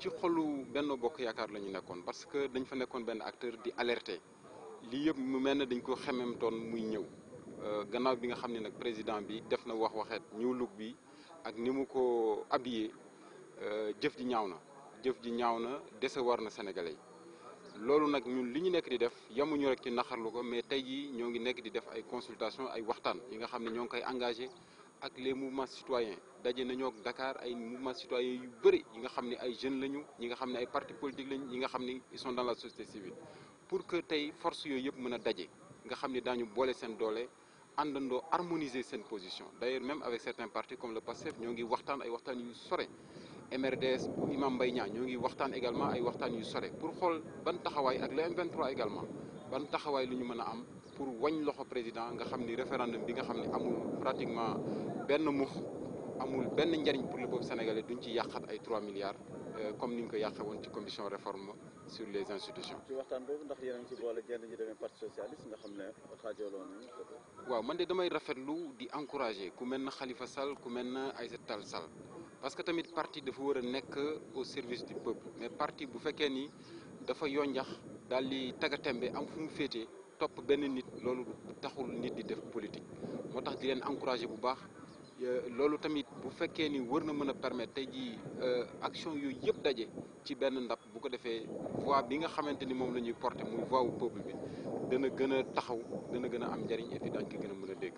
ci xolu benn Bokk Yaakaar la ñu nekkoon parce que dañ fa nekkoon benn acteur di alerter lii yëpp mu mel dañ ko xemem toon muy ñëw euh, gannaaw bi nga xam ne nag président bi def na wax waxeet ñëw lug bi ak ni mu ko habillé euh, jëf ji ñaaw na jëf ji ñaaw na dese war na sénégalais yi loolu nag ñun li ñu nekk di def yemuñu rek ci naxarlu ko mais tey jii ñoo ngi nekk di def ay consultation ay waxtaan yi nga xam ne ñoo ngi koy engagé ak les mouvements citoyens daje nañoo ak Dakar ay mouvements citoyens yu bëri yi nga xam ni ay jeunes lañu ñi nga xam ne ay partis politiques lañu ñi nga xam ni ils sont dans la société civile pour que tey force yooyu yëpp mën a daje nga xam ne daañu boole seen doole àndandoo harmoniser seen position d'ailleurs même avec certains partis comme le PASTEF ñoo ngi waxtaan ay waxtaan yu sore MRDS bu Imam Mbaye Niang ñoo ngi waxtaan également ay waxtaan yu sore pour xool ban taxawaay ak le également ban taxawaay lu ñu mën a am pour wañ loxo président nga xam ni référendum bi nga xam ne amul pratiquement benn mux amul benn njariñ pour le peuple sénégalais duñ ci yàqat ay 3 milliards euh, comme ni ñu ko yàqee woon ci commission réforme sur les institutions. ci waxtaan boobu ndax yéen a ngi ci boole jenn ñi demee parti socialiste nga xam ne xaajaloo nañu. waaw man de damay rafet lu di encourager ku mel ne xalifa sal ku mel na ay Tall sal parce que tamit parti dafa war a nekk au service du peuple mais parti bu fekkee ni dafa yonjax daal di tagatembe am fu mu féetee topp benn nit loolu taxul nit di def politique moo tax di leen encourager bu baax. Euh, loolu tamit bu fekkee ni wër na mën a permettre tey jii euh, action yooyu yëpp daje ci benn ndab bu ko defee voix bi nga xamante ni moom la ñuy porter muy voix wu peuple bi dana gën a taxaw dana gën a am njëriñ et puis daañu ko gën a mën a dégg.